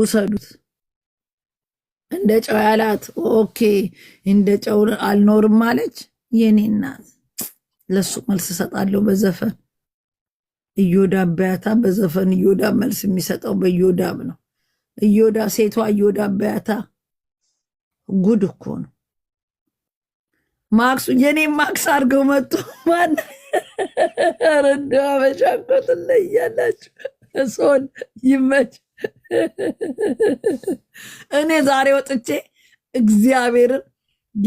ውሰዱት። እንደ ጨው ያላት ኦኬ፣ እንደ ጨው አልኖርም ማለች የኔ እናት። ለሱ መልስ እሰጣለሁ በዘፈን እዮዳ በያታ በዘፈን እዮዳ መልስ የሚሰጠው በእዮዳብ ነው። እዮዳ ሴቷ እዮዳ በያታ ጉድ እኮ ነው። ማክሱ የኔ ማክስ አድርገው መጡ። ማን ረንዳ አበሻ እኮ ትለያላችሁ። እሶን ይመች እኔ ዛሬ ወጥቼ እግዚአብሔርን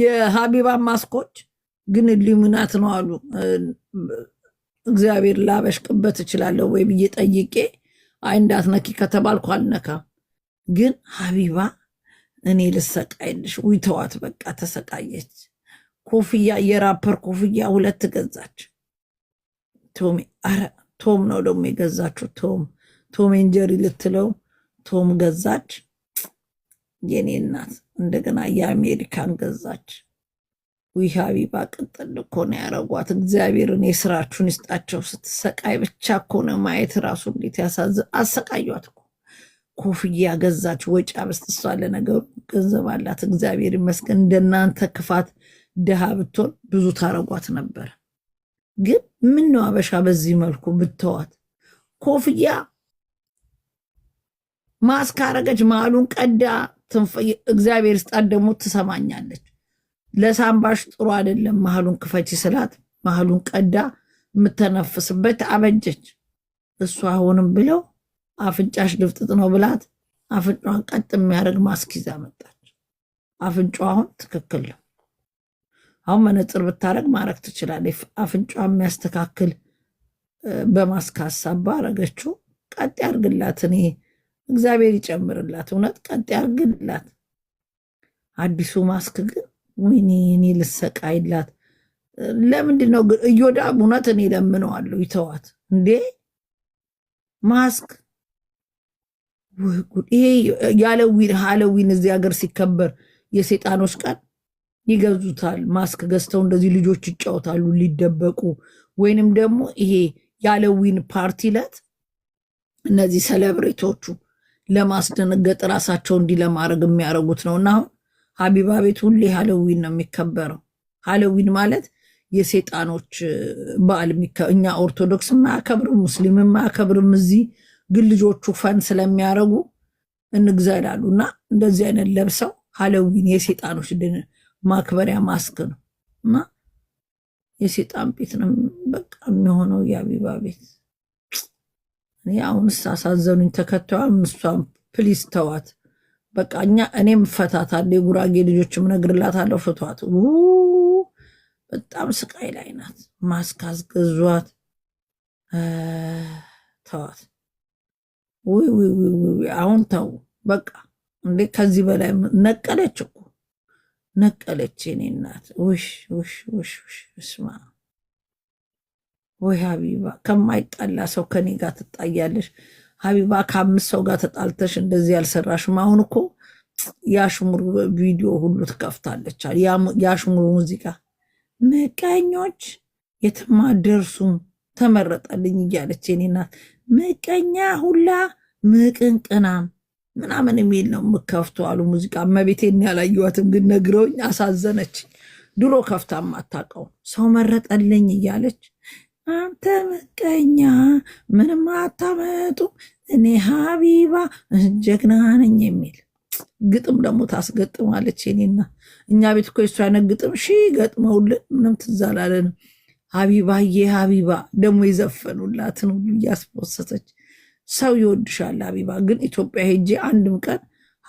የሀቢባ ማስኮች ግን ሊሙናት ነው አሉ። እግዚአብሔር ላበሽቅበት እችላለሁ ወይ ብዬ ጠይቄ፣ አይ እንዳትነኪ ከተባልኩ አልነካም። ግን ሀቢባ እኔ ልሰቃይልሽ፣ ውይተዋት በቃ ተሰቃየች። ኮፍያ የራፐር ኮፍያ ሁለት ገዛች። ቶሜ ኧረ ቶም ነው ደግሞ የገዛችው። ቶም ቶሜንጀሪ ልትለው ቶም ገዛች። የኔ እናት እንደገና የአሜሪካን ገዛች። ውይ ሀቢባ ቅጥል እኮ ነው ያረጓት። እግዚአብሔርን የስራችሁን ይስጣቸው። ስትሰቃይ ብቻ እኮ ነው ማየት ራሱ እንዴት ያሳዝ አሰቃዩት ኮፍያ ገዛች፣ ወጪ አበስጥሷ። ለነገሩ ገንዘብ አላት እግዚአብሔር ይመስገን። እንደናንተ ክፋት ድሃ ብትሆን ብዙ ታረጓት ነበር። ግን ምን ነው አበሻ በዚህ መልኩ ብተዋት ኮፍያ ማስክ አረገች፣ ቀዳ። እግዚአብሔር ስጣት ደግሞ ትሰማኛለች። ለሳምባሽ ጥሩ አይደለም መሃሉን ክፈች ስላት መሃሉን ቀዳ፣ የምተነፍስበት አበጀች። እሱ አሁንም ብለው አፍንጫሽ ድፍጥጥ ነው ብላት አፍንጫዋን ቀጥ የሚያደርግ ማስክ ይዛ መጣች። አፍንጫዋ አሁን ትክክል ነው። አሁን መነፅር ብታረግ ማድረግ ትችላለች። አፍንጫ የሚያስተካክል በማስክ ሀሳብ አረገችው። ቀጥ ያርግላት እኔ እግዚአብሔር ይጨምርላት፣ እውነት ቀጥ ያርግላት። አዲሱ ማስክ ግን ወይኔ እኔ ልሰቃይላት። ለምንድን ነው ግን እዮዳብ እውነት እኔ ለምነዋለሁ ይተዋት እንዴ ማስክ ይሄ የአለዊን አለዊን እዚህ ሀገር ሲከበር የሴጣኖች ቀን ይገዙታል። ማስክ ገዝተው እንደዚህ ልጆች ይጫወታሉ ሊደበቁ። ወይንም ደግሞ ይሄ የአለዊን ፓርቲ ዕለት እነዚህ ሰለብሬቶቹ ለማስደነገጥ ራሳቸው እንዲህ ለማድረግ የሚያደርጉት ነው። እና አሁን ሀቢባ ቤት ሁሌ ሀለዊን ነው የሚከበረው። ሀለዊን ማለት የሴጣኖች በዓል እኛ ኦርቶዶክስ የማያከብርም ሙስሊም የማያከብርም እዚህ ግን ልጆቹ ፈን ስለሚያደርጉ እንግዘላሉ እና እንደዚህ አይነት ለብሰው ሀለዊን የሴጣኖች ማክበሪያ ማስክ ነው እና የሴጣን ቤት ነው በቃ የሚሆነው የሀቢባ ቤት። እኔ አሁንስ አሳዘኑኝ። ተከታዩም እሷም ፕሊስ ተዋት በቃ እኛ እኔም እፈታታለሁ፣ የጉራጌ ልጆችም እነግርላታለሁ፣ ፍቷት። በጣም ስቃይ ላይ ናት። ማስክ አስገዟት። ተዋት። አሁን ተው በቃ እንዴ! ከዚህ በላይ ነቀለች እኮ ነቀለች። እኔ እናት ውሽ ውሽ ውሽ ውሽ ስማ ወይ ሀቢባ ከማይጣላ ሰው ከኔ ጋር ትጣያለሽ? ሀቢባ ከአምስት ሰው ጋር ተጣልተሽ እንደዚህ ያልሰራሽም አሁን እኮ የአሽሙር ቪዲዮ ሁሉ ትከፍታለች። የአሽሙር ሙዚቃ ምቀኞች የትማ ደርሱም ተመረጠልኝ እያለች የኔ ናት ምቀኛ ሁላ ምቅንቅናም ምናምን የሚል ነው የምከፍቱ አሉ ሙዚቃ መቤቴን ያላየዋትም ግን ነግረውኝ አሳዘነች። ድሮ ከፍታ ማታቀው ሰው መረጠልኝ እያለች አንተ ምቀኛ ምንም አታመጡም፣ እኔ ሀቢባ ጀግና ነኝ የሚል ግጥም ደግሞ ታስገጥማለች። ኔና እኛ ቤት እኮ የሱ አይነት ግጥም ሺ ገጥመውልን ምንም ትዝ አላለንም። ሀቢባዬ ሀቢባ ደግሞ የዘፈኑላትን ሁሉ እያስፖሰተች ሰው ይወድሻል ሀቢባ። ግን ኢትዮጵያ ሄጄ አንድም ቀን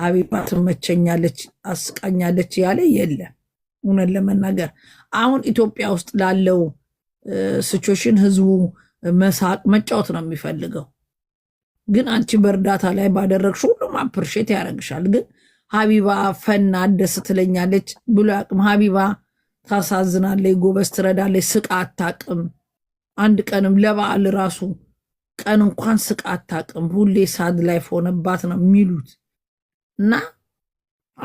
ሀቢባ ትመቸኛለች፣ አስቃኛለች ያለ የለም። እውነት ለመናገር አሁን ኢትዮጵያ ውስጥ ላለው ስቾሽን ህዝቡ መሳቅ መጫወት ነው የሚፈልገው። ግን አንቺ በእርዳታ ላይ ባደረግሽ ሁሉም አፕርሼት ያደረግሻል። ግን ሀቢባ ፈና ደስ ትለኛለች ብሎ ያቅም ሀቢባ ታሳዝናለች፣ ጎበዝ ትረዳለች፣ ስቃ አታቅም። አንድ ቀንም ለበዓል ራሱ ቀን እንኳን ስቃ አታቅም። ሁሌ ሳድ ላይ ሆነባት ነው የሚሉት እና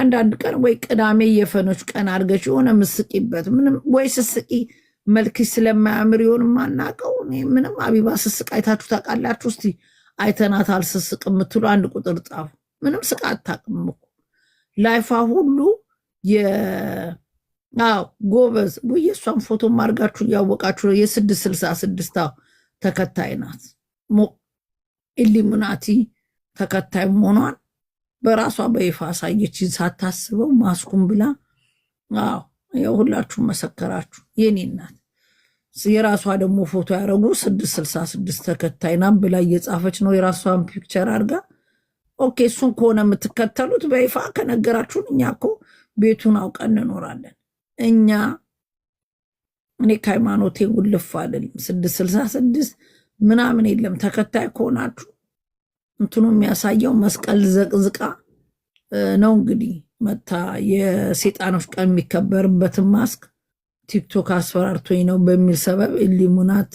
አንዳንድ ቀን ወይ ቅዳሜ የፈኖች ቀን አድርገሽ የሆነ ምስቂበት ምንም ወይ ስስቂ መልክሽ ስለማያምር ይሆን የማናውቀው ምንም። አቢባ ስስቅ አይታችሁ ታውቃላችሁ? እስቲ አይተናት አልስስቅ የምትሉ አንድ ቁጥር ጻፉ። ምንም ስቃ አታውቅም እኮ ላይፋ ሁሉ ጎበዝ። የእሷን ፎቶ ማርጋችሁ እያወቃችሁ ነው። የስድስት ስልሳ ስድስታ ተከታይ ናት። ኢሊሙናቲ ተከታይ መሆኗን በራሷ በይፋ አሳየችን ሳታስበው ማስኩም ብላ ያው ሁላችሁም መሰከራችሁ። የኔ እናት የራሷ ደግሞ ፎቶ ያደረጉ ስድስት ስልሳ ስድስት ተከታይ ናም ብላ እየጻፈች ነው የራሷን ፒክቸር አድርጋ። ኦኬ እሱን ከሆነ የምትከተሉት በይፋ ከነገራችሁን እኛ እኮ ቤቱን አውቀን እንኖራለን። እኛ እኔ ከሃይማኖቴ ውልፍ አልልም። ስድስት ስልሳ ስድስት ምናምን የለም። ተከታይ ከሆናችሁ እንትኑ የሚያሳየው መስቀል ዘቅዝቃ ነው እንግዲህ መታ የሴጣኖች ቀን የሚከበርበትን ማስክ ቲክቶክ አስፈራርቶኝ ነው በሚል ሰበብ ኢሊሙናት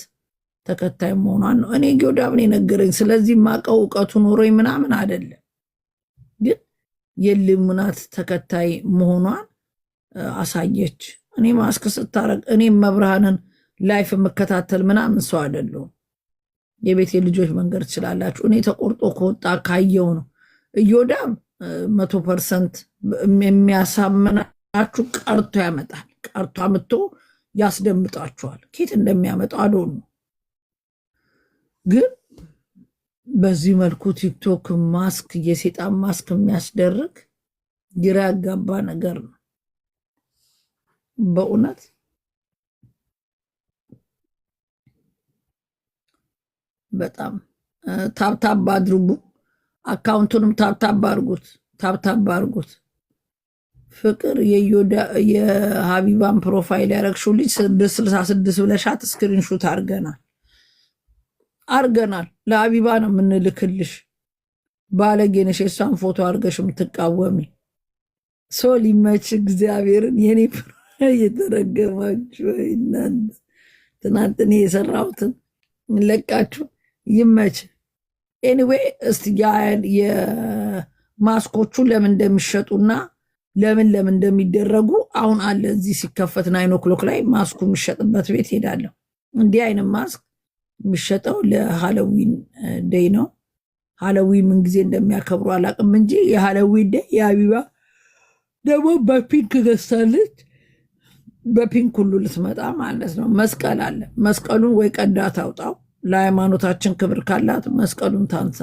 ተከታይ መሆኗን ነው። እኔ ጊዮዳብን የነገረኝ ስለዚህ ማቀው እውቀቱ ኖሮኝ ምናምን አይደለም፣ ግን የኢሊሙናት ተከታይ መሆኗን አሳየች። እኔ ማስክ ስታረግ እኔ መብርሃንን ላይፍ የምከታተል ምናምን ሰው አይደለሁም። የቤቴ ልጆች መንገድ ትችላላችሁ። እኔ ተቆርጦ ከወጣ ካየው ነው እዮዳብ መቶ ፐርሰንት የሚያሳምናችሁ ቀርቶ ያመጣል። ቀርቶ አምጥቶ ያስደምጣችኋል። ኬት እንደሚያመጣ አዶኑ ግን በዚህ መልኩ ቲክቶክ ማስክ የሴጣን ማስክ የሚያስደርግ ግራ ያጋባ ነገር ነው በእውነት በጣም ታብታብ አድርጉ። አካውንቱንም ታብታብ አርጉት፣ ታብታብ አርጉት። ፍቅር የሀቢባን ፕሮፋይል ያረግሽው ልጅ ስልሳ ስድስት ብለሻት ስክሪንሹት አርገናል አርገናል። ለሀቢባ ነው የምንልክልሽ። ባለጌነሽ የሷን ፎቶ አርገሽ የምትቃወሚ ሰው ሊመች እግዚአብሔርን የኔ እየተረገማችሁ ትናንት ትናንትን የሰራሁትን ለቃችሁ ይመች። ኤኒዌይ እስቲ የማስኮቹ ለምን እንደሚሸጡና ለምን ለምን እንደሚደረጉ አሁን አለ እዚህ ሲከፈት ናይን ኦክሎክ ላይ ማስኩ የሚሸጥበት ቤት ሄዳለሁ። እንዲህ አይነት ማስክ የሚሸጠው ለሃለዊን ደይ ነው። ሃለዊን ምን ጊዜ እንደሚያከብሩ አላቅም እንጂ የሃለዊን ደይ የአቢባ ደግሞ በፒንክ ገዝታለች። በፒንክ ሁሉ ልትመጣ ማለት ነው። መስቀል አለ። መስቀሉን ወይ ቀዳ ታውጣው ለሃይማኖታችን ክብር ካላት መስቀሉን ታንሳ።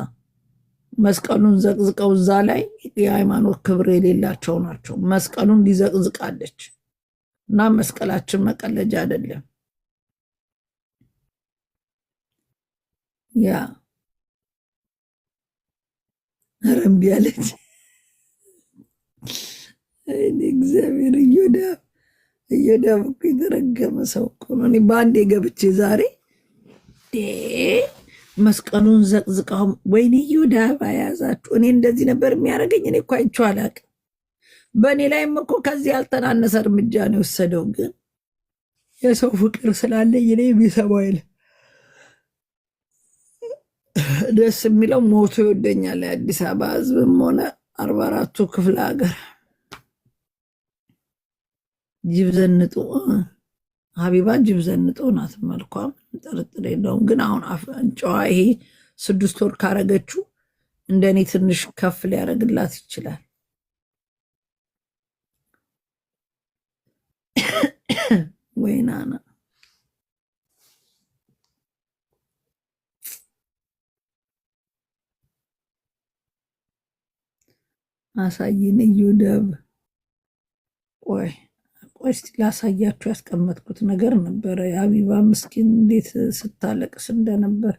መስቀሉን ዘቅዝቀው እዛ ላይ የሃይማኖት ክብር የሌላቸው ናቸው። መስቀሉን ሊዘቅዝቃለች እና መስቀላችን መቀለጃ አይደለም። ያ ረምቢ ያለች እግዚአብሔር እዮዳብ እዮዳብ እኮ የተረገመ ሰው እኮ ነው። እኔ በአንዴ ገብቼ ዛሬ መስቀሉን ዘቅዝቃውም ወይኔ ዮዳባ ያዛችሁ። እኔ እንደዚህ ነበር የሚያደርገኝ። እኔ እኮ አይቼው አላቅም። በእኔ ላይም እኮ ከዚህ ያልተናነሰ እርምጃ ነው የወሰደው። ግን የሰው ፍቅር ስላለኝ እኔ የሚሰማው አይለ ደስ የሚለው ሞቶ ይወደኛል። የአዲስ አበባ ህዝብም ሆነ አርባ አራቱ ክፍለ ሀገር ጅብ ዘንጦ ሀቢባ ጅብ ዘንጦ ናት መልኳም ጥርጥር የለውም። ግን አሁን አፍንጫዋ ይሄ ስድስት ወር ካረገችው እንደ እኔ ትንሽ ከፍ ሊያደርግላት ይችላል። ወይናና አሳይን እዩ ደብ ወይ እስቲ ላሳያችሁ ያስቀመጥኩት ነገር ነበረ። የአቢባ ምስኪን እንዴት ስታለቅስ እንደነበር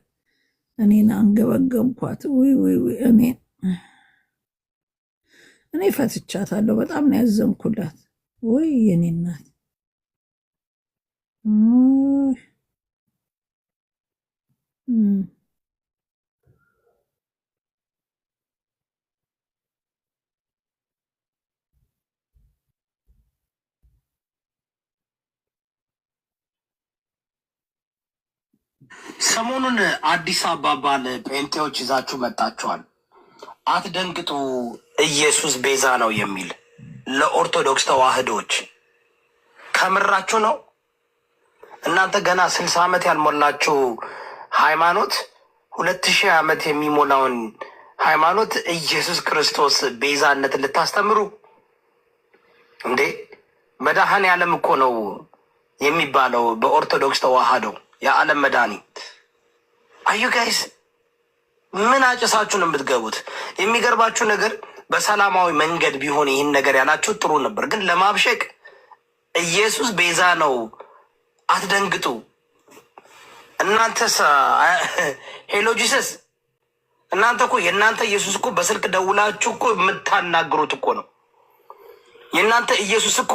እኔን አንገበገብኳት። እኔ እኔ ፈትቻታለሁ። በጣም ነው ያዘንኩላት። ወይ የኔ እናት ሰሞኑን አዲስ አባባል ጴንጤዎች ይዛችሁ መጣችኋል። አትደንግጡ፣ ኢየሱስ ቤዛ ነው የሚል ለኦርቶዶክስ ተዋህዶች ከምራችሁ ነው? እናንተ ገና ስልሳ ዓመት ያልሞላችሁ ሃይማኖት ሁለት ሺህ ዓመት የሚሞላውን ሃይማኖት ኢየሱስ ክርስቶስ ቤዛነት ልታስተምሩ እንዴ? መድኃኔ ዓለም እኮ ነው የሚባለው በኦርቶዶክስ ተዋህዶ የዓለም መድኃኒት አዩ ጋይስ ምን አጭሳችሁን የምትገቡት? የሚገርባችሁ ነገር በሰላማዊ መንገድ ቢሆን ይህን ነገር ያላችሁ ጥሩ ነበር፣ ግን ለማብሸቅ ኢየሱስ ቤዛ ነው። አትደንግጡ። እናንተስ ሄሎጂሰስ እናንተ እኮ የእናንተ ኢየሱስ እኮ በስልክ ደውላችሁ እኮ የምታናግሩት እኮ ነው። የእናንተ ኢየሱስ እኮ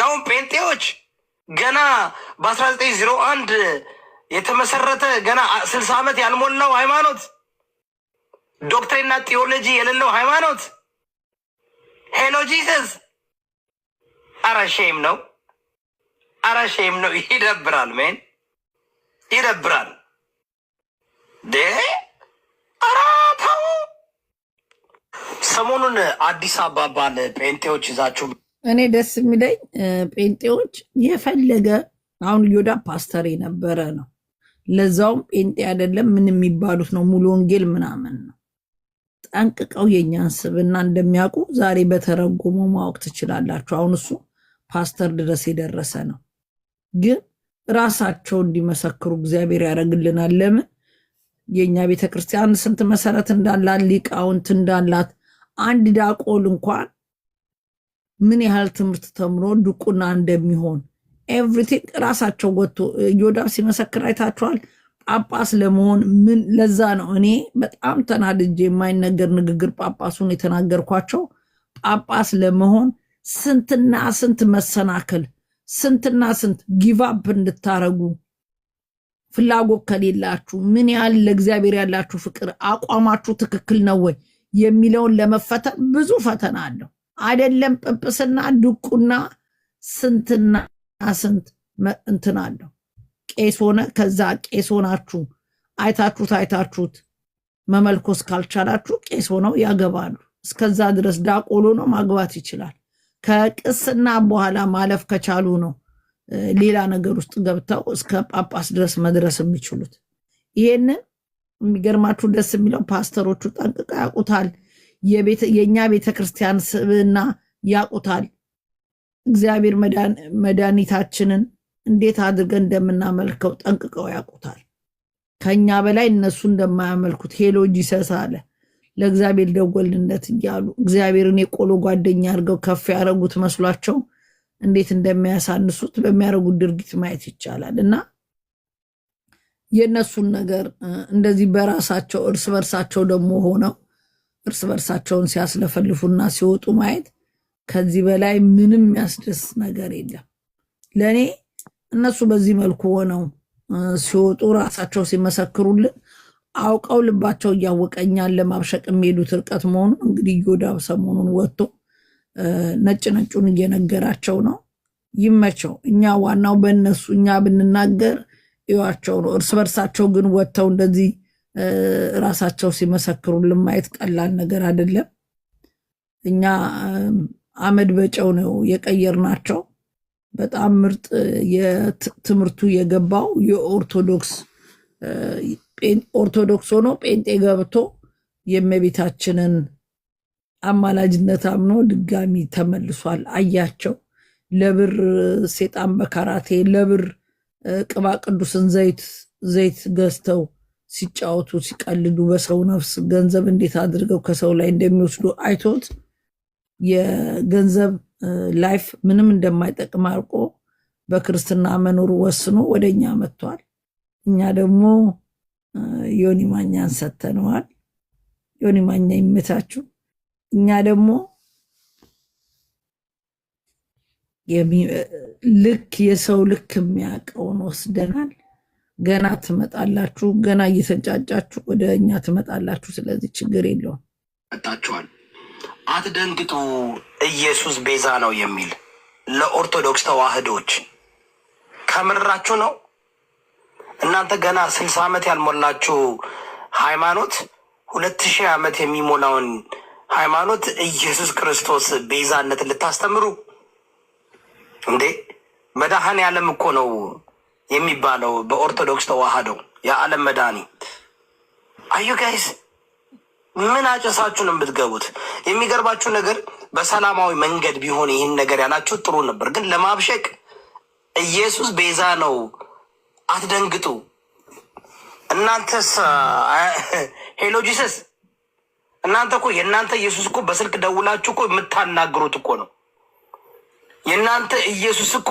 ያውም ጴንጤዎች ገና በ ዘጠኝ ዜሮ አንድ የተመሰረተ ገና ስልሳ ዓመት ያልሞላው ሃይማኖት፣ ዶክትሪንና ቴዎሎጂ የሌለው ሃይማኖት ሄሎ ጂሰስ። አረ ሼም ነው፣ አረ ሼም ነው። ይደብራል፣ ሜን ይደብራል። ደ አራታው ሰሞኑን አዲስ አበባ ባለ ይዛችሁ እኔ ደስ የሚለኝ ጴንጤዎች የፈለገ አሁን ዮዳ ፓስተር የነበረ ነው። ለዛውም ጴንጤ አይደለም ምን የሚባሉት ነው ሙሉ ወንጌል ምናምን ነው። ጠንቅቀው የኛን ስብና እንደሚያውቁ ዛሬ በተረጎመው ማወቅ ትችላላችሁ። አሁን እሱ ፓስተር ድረስ የደረሰ ነው። ግን ራሳቸው እንዲመሰክሩ እግዚአብሔር ያደርግልናል። ለምን የእኛ ቤተክርስቲያን ስንት መሰረት እንዳላት ሊቃውንት እንዳላት አንድ ዳቆል እንኳን ምን ያህል ትምህርት ተምሮ ድቁና እንደሚሆን ኤቭሪቲንግ ራሳቸው ወጥቶ ዮዳብ ሲመሰክር አይታችኋል። ጳጳስ ለመሆን ምን ለዛ ነው እኔ በጣም ተናድጄ የማይነገር ንግግር ጳጳሱን የተናገርኳቸው። ጳጳስ ለመሆን ስንትና ስንት መሰናክል፣ ስንትና ስንት ጊቫፕ እንድታረጉ ፍላጎት ከሌላችሁ ምን ያህል ለእግዚአብሔር ያላችሁ ፍቅር፣ አቋማችሁ ትክክል ነው ወይ የሚለውን ለመፈተን ብዙ ፈተና አለው። አይደለም ጵጵስና፣ ድቁና ስንትና ስንት እንትን አለው። ቄስ ሆነ ከዛ ቄስ ሆናችሁ አይታችሁት አይታችሁት መመልኮስ ካልቻላችሁ ቄስ ሆነው ያገባሉ። እስከዛ ድረስ ዳቆሎ ነው ማግባት ይችላል። ከቅስና በኋላ ማለፍ ከቻሉ ነው ሌላ ነገር ውስጥ ገብተው እስከ ጳጳስ ድረስ መድረስ የሚችሉት። ይህንን የሚገርማችሁ ደስ የሚለው ፓስተሮቹ ጠንቅቀው ያውቁታል። የእኛ ቤተ ክርስቲያን ስብዕና ያቁታል። እግዚአብሔር መድኃኒታችንን እንዴት አድርገን እንደምናመልከው ጠንቅቀው ያቁታል። ከእኛ በላይ እነሱ እንደማያመልኩት ሄሎ ጂሰስ አለ ለእግዚአብሔር ደወልንለት እያሉ እግዚአብሔርን የቆሎ ጓደኛ አድርገው ከፍ ያደረጉት መስሏቸው እንዴት እንደሚያሳንሱት በሚያደርጉት ድርጊት ማየት ይቻላል። እና የእነሱን ነገር እንደዚህ በራሳቸው እርስ በርሳቸው ደግሞ ሆነው እርስ በርሳቸውን ሲያስለፈልፉና ሲወጡ ማየት ከዚህ በላይ ምንም ያስደስ ነገር የለም። ለእኔ እነሱ በዚህ መልኩ ሆነው ሲወጡ ራሳቸው ሲመሰክሩልን አውቀው ልባቸው እያወቀኛን ለማብሸቅ የሚሄዱት እርቀት መሆኑን እንግዲህ ዮዳብ ሰሞኑን ወጥቶ ነጭ ነጩን እየነገራቸው ነው። ይመቸው። እኛ ዋናው በእነሱ እኛ ብንናገር እዩዋቸው ነው። እርስ በርሳቸው ግን ወጥተው እንደዚህ ራሳቸው ሲመሰክሩልን ማየት ቀላል ነገር አይደለም። እኛ አመድ በጨው ነው የቀየር ናቸው። በጣም ምርጥ ትምህርቱ የገባው የኦርቶዶክስ ኦርቶዶክስ ሆኖ ጴንጤ ገብቶ የእመቤታችንን አማላጅነት አምኖ ድጋሚ ተመልሷል። አያቸው ለብር ሴጣን በካራቴ ለብር ቅባ ቅዱስን ዘይት ዘይት ገዝተው ሲጫወቱ ሲቀልዱ በሰው ነፍስ ገንዘብ እንዴት አድርገው ከሰው ላይ እንደሚወስዱ አይቶት የገንዘብ ላይፍ ምንም እንደማይጠቅም አርቆ በክርስትና መኖር ወስኖ ወደ እኛ መጥቷል። እኛ ደግሞ ዮኒ ማኛን ሰተነዋል። ዮኒ ማኛ ይመታችሁ። እኛ ደግሞ ልክ የሰው ልክ የሚያውቀውን ወስደናል። ገና ትመጣላችሁ፣ ገና እየተንጫጫችሁ ወደ እኛ ትመጣላችሁ። ስለዚህ ችግር የለውም መጣችኋል፣ አትደንግጡ። ኢየሱስ ቤዛ ነው የሚል ለኦርቶዶክስ ተዋህዶች ከምራችሁ ነው። እናንተ ገና ስልሳ ዓመት ያልሞላችሁ ሃይማኖት ሁለት ሺህ ዓመት የሚሞላውን ሃይማኖት ኢየሱስ ክርስቶስ ቤዛነት ልታስተምሩ እንዴ? መድኃኔ ዓለም እኮ ነው የሚባለው በኦርቶዶክስ ተዋህዶ የዓለም መድኃኒ አዩ ጋይስ ምን አጨሳችሁን የምትገቡት? የሚገርባችሁ ነገር በሰላማዊ መንገድ ቢሆን ይህን ነገር ያላችሁ ጥሩ ነበር፣ ግን ለማብሸቅ ኢየሱስ ቤዛ ነው፣ አትደንግጡ። እናንተስ ሄሎ ጂሰስ፣ እናንተ እኮ የእናንተ ኢየሱስ እኮ በስልክ ደውላችሁ እኮ የምታናግሩት እኮ ነው። የእናንተ ኢየሱስ እኮ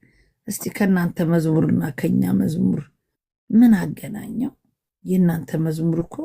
እስቲ ከእናንተ መዝሙርና ከኛ መዝሙር ምን አገናኘው? የእናንተ መዝሙር እኮ